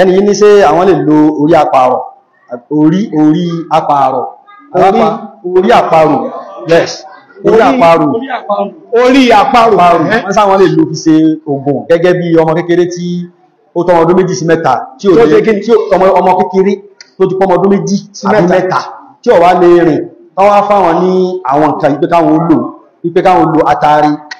ẹni yìí ní ṣé àwọn lè lo orí àparò orí orí àparò orí àparò yes orí àparò orí àparò wọ́n sáwọn lè lo fi ṣe oògùn gẹ́gẹ́ bí ọmọ kékeré tí ó tọmọ ọdún méjì sí mẹ́ta tí ọmọ kékeré tó ti pọmọ ọdún méjì àbí mẹ́ta tí ó wá lè rìn tán wá fáwọn ní àwọn nǹkan ìpé lò ìpé lò atari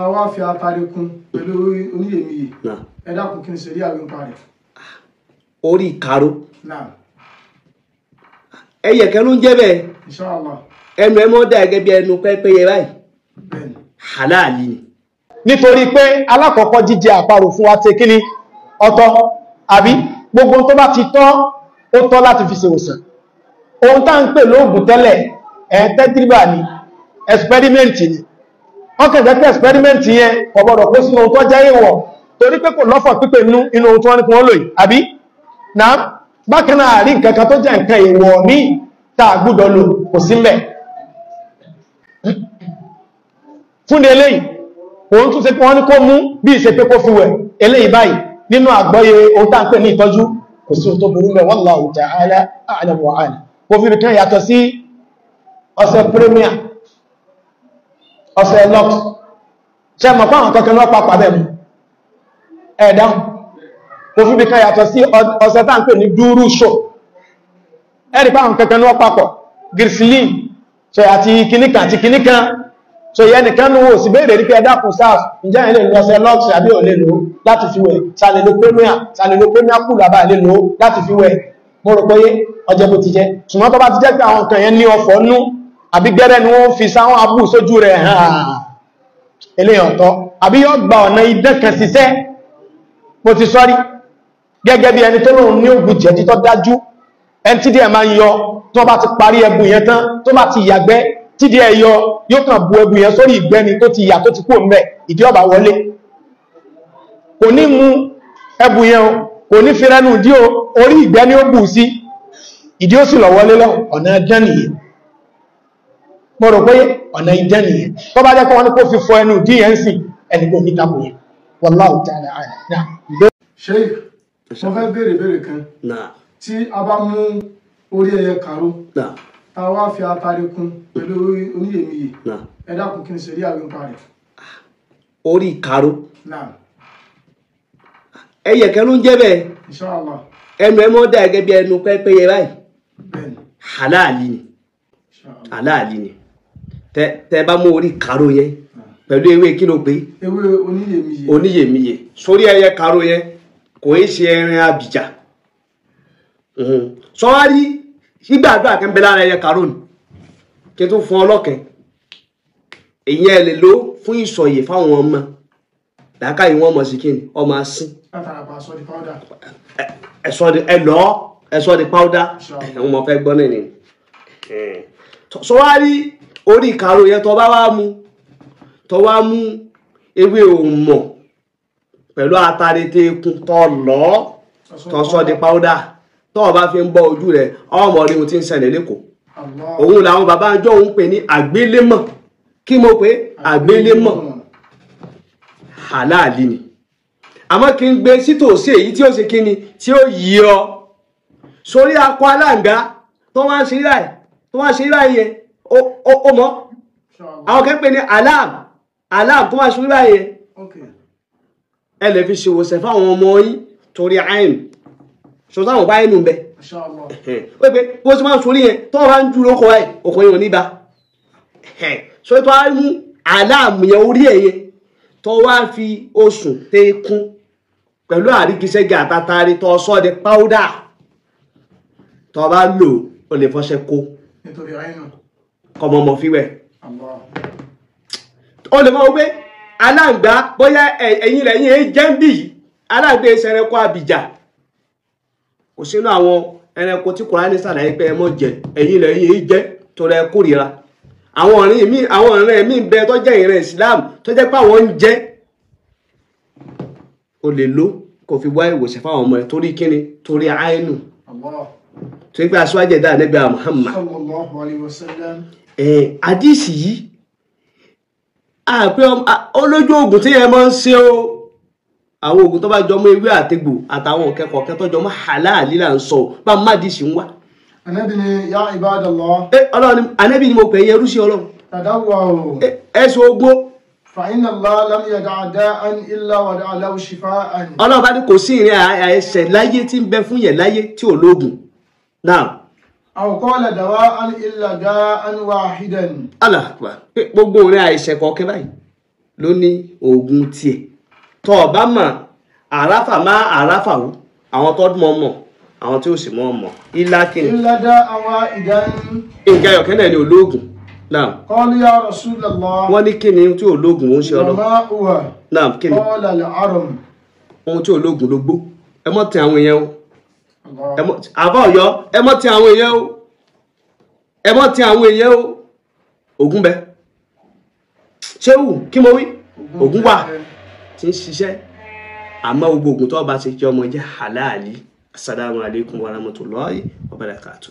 a fi atare kun pẹ̀lú oníyèmíyè ẹ dákun kí n ṣe rí àwọn ipa rẹ̀. orí ìkaró ẹyẹ kan jẹ bẹ́ẹ̀ ẹnu ẹ mọ dà gẹ́gẹ́ bí ẹnu pẹ́pẹ́yẹ báyìí halali ni. nítorí pé alákọ̀ọ́kọ́ jíjẹ àparò fún wa tẹ kíní ọ̀tọ̀ àbí gbogbo tó bá ti tọ́ ó tọ́ láti fi ṣe òsàn ohun tá ń pè lóògùn tẹ́lẹ̀ ẹ̀ tẹ́tírìbà ni ẹ̀sìpẹ́rímẹ́ǹtì ni ọkàn jẹ́ pé experiment yẹn ọ̀bọ̀dọ̀ kó sínú ohun tó jẹ́ èèwọ̀ torí pé kò lọ́fọ̀ pípé nínú inú ohun tó wọ́n ní kún lòyìn àbí na bákan náà àrí nǹkan kan tó jẹ́ nǹkan èèwọ̀ ní tààgbúdọ̀ lò kò sí mẹ́ fún eléyìí òun tún ṣe pé wọ́n ní kó mú bí ìṣe pé kó fi wẹ̀ eléyìí báyìí nínú àgbọ́yé ohun tá à ń pè ní ìtọ́jú kò sí ohun tó burú mẹ́ wallahu ta'ala a'lam wa a'lam kò fi nìkan yàtọ̀ sí ọ̀sẹ̀ premier ọ̀sẹ̀ lọ́t ṣe mọ̀ fáwọn kankan lọ́ papà bẹ̀mù ẹ̀dáhùn kò fún bí kan yàtọ̀ sí ọ̀sẹ̀ tá ń pè ní dúrú ṣò ẹ̀rì fáwọn kankan lọ́ papọ̀ gírìsìlì so àti kìníkan àti kìníkan so ìyẹn nìkan ní wo sì béèrè ní pé ẹ̀dákùn sars ǹjẹ́ ilé ìlú ọ̀sẹ̀ lọ́t àbí ò lè lò láti fi wẹ̀ sàlèlò premier sàlèlò premier kù làbá lè lò láti fi wẹ̀ mo rò pé ọjọ́ bó ti jẹ́ ṣùgbọ́n tó bá ti jẹ́ pé àwọn nǹkan yẹn ní ọ̀fọ̀ nú àbí gẹ́rẹ́ ni wọ́n fi sáwọn abú sójú rẹ̀ hàn eléyàn tọ́ àbí yọ́ gba ọ̀nà idán kan ṣiṣẹ́ mo ti sọ́rí gẹ́gẹ́ bí ẹni tó lóun ní ògùn jẹ̀dí tó dájú ẹni tí díẹ̀ máa ń yọ tó bá ti parí ẹbù yẹn tán tó bá ti yàgbẹ́ tí díẹ̀ yọ yóò kàn bu ẹbù yẹn sórí ìgbẹ́ni tó ti yà tó ti kú òmìnbẹ̀ ìdí ọba wọlé kò ní mu ẹbù yẹn o kò ní firẹ́nu dí o orí ìgbẹ́ni ó bù sí ìdí ó sì lọ wọlé lọ ọ̀nà ẹgbẹ́ nìyẹn mo rò pé ọ̀nà ìjẹ́ nìyẹn tó bá jẹ́ kí wọ́n kó fi fọ ẹnu dnc ẹni kò ní tako yẹn wallahu ta'ala àná. ṣé mo fẹ́ béèrè béèrè kan tí a bá mú orí ẹyẹ kàró tá a wá fi atari kún pẹ̀lú oníyèmíyè ẹ dákun kí n ṣe rí àwọn ipa rẹ̀. orí kàró ẹyẹ kan ló ń jẹ́ bẹ́ẹ̀ ẹnu ẹ mọ́ dà gẹ́gẹ́ bí ẹnu pẹ́pẹ́yẹ báyìí halali ni halali ni tẹ tẹ bá mú orí kàró yẹn pẹ̀lú ewé kí ló pé. ewé oníyèmíye. oníyèmíye sórí ẹyẹ kàró yẹn kò í ṣe ẹran abìjà sọ́wárí gbígbàdúrà kẹ́ńbẹ́ lára ẹyẹ kàró ni kí n tún fún ọlọ́kẹ́ ìyẹn ẹ lè lò fún ìsọ̀yè fáwọn ọmọ làákà yìí wọ́n mọ̀ sí kí ni ọmọ asín. ẹ̀sọ́ di ẹ lọ́ ẹ̀sọ́ di pàwọ́dà ẹ̀hún mọ̀ fẹ́ gbọ́ náà ni sọ́wárí orí ìkàrò yẹn tó bá wá mu tó wá mú ewé òmọ̀ pẹ̀lú atarete ikun tó lọ tó sọ di pàwọ́dà tó o bá fi ń bọ́ ojú rẹ̀ ọmọ rí ohun tí ń ṣẹlẹ̀ lẹ́kọ̀ọ́ òun làwọn bàbá àjọ òun pè ní àgbélémọ̀ kí mo pè àgbélémọ̀ halali ni àmọ́ kí n gbé sítòsí èyí tí ó ṣe kí ni tí ó yí ọ sórí akọ aláǹgá tó wá ń ṣe ráì tó wá ń ṣe ráì yẹn ó mọ́ àwọn kan pè ní alam alam tó máa ṣubú báyìí ẹ lè fi ṣèwòsàn fáwọn ọmọ yín torí àìn ṣọ táwọn bá inú bẹ ó pé bó ti máa ń sórí yẹn tó bá ń ju lóko ẹ òkò yẹn ò ní ba ṣó tó á mú alam yẹn orí ẹ yẹn tó wá fi oṣù tẹ kún pẹ̀lú àríkíṣẹ́gì àtàtàrí tó sọ́ di powder tó bá lò ó lè fọṣẹ kó. nítorí àìnù kọmọ mọ fi wẹ̀ o lè mọ wípé aláǹgbá bóyá ẹ̀yin lẹ́yìn ẹ jẹ́ ń bì yìí aláǹgbá ẹsẹ̀ ẹranko àbìjà kò sínú àwọn ẹranko tí Kùránì ṣàlàyé pé ẹ mọ̀ jẹ ẹ̀yin lẹ́yìn ẹ jẹ́ torí ẹ kórìíra àwọn ọ̀rìn mi àwọn ọ̀rìn ẹ̀mí ń bẹ tó jẹ́ ìrìn Islam tó jẹ́ pé àwọn ń jẹ́ o lè lo kò fi wá ìwòsàn fáwọn ọmọ ẹ torí kíni torí àìnù tó ń aṣọ àjẹdá níbi Muhammad. Eh, àdísì yìí àpé olójú ogun tí yẹn mọ ń ṣe o àwọn ogun tó bá jọ ewé àtegbò àtàwọn kẹkọọ kẹtọ jọ mọ́ halal là ń sọ bá má ń anabi ni ya lọ. ẹ eh, Ọlọ́run anabi ni mo pè é yẹn rúṣì o. Eh, ẹ sọ ogbó. fàyínà lọ́lọ́m yàda àdá an ilá wàdà aláwọ̀ ṣìfà bá ní kò sí ìrìn bẹ fún yẹn láyé tí ò lóògùn náà. aw qala dawa'an illa da'an wahidan. Allahu Akbar gbogbo orin àìsàn kọ̀ọ̀kan báyìí ló ní oògùn tiẹ̀ tó o bá mọ̀ àràfà má àràfà o àwọn tó mọ̀ mọ̀ àwọn tí ó sì mọ̀ mọ̀ ilá kìnnì. illa da'an wahidan. nǹkan ayọ̀kẹ́ náà ni olóògùn naam. kọ́lí ya Rasulullah. wọ́n ní kí ni tí olóògùn ó ń ṣe ọlọ́. màmá uwa. naam kí ni. kọ́lá lè arọ̀m. ohun tí olóògùn ló gbó ẹ mọ̀ tẹ àwọn èèyàn o àbá ọ̀yọ́ ẹ mọ́ ti àwọn èèyàn o ẹ mọ́ ti àwọn èèyàn o ogun bẹ ṣéwù kí mo wí ogun wà tí ń ṣiṣẹ́ àmọ́ gbogbo ogun tó bá ti jẹ́ ọmọ jẹ́ halali asalaamualeykum warahmatulahi wabarakatu.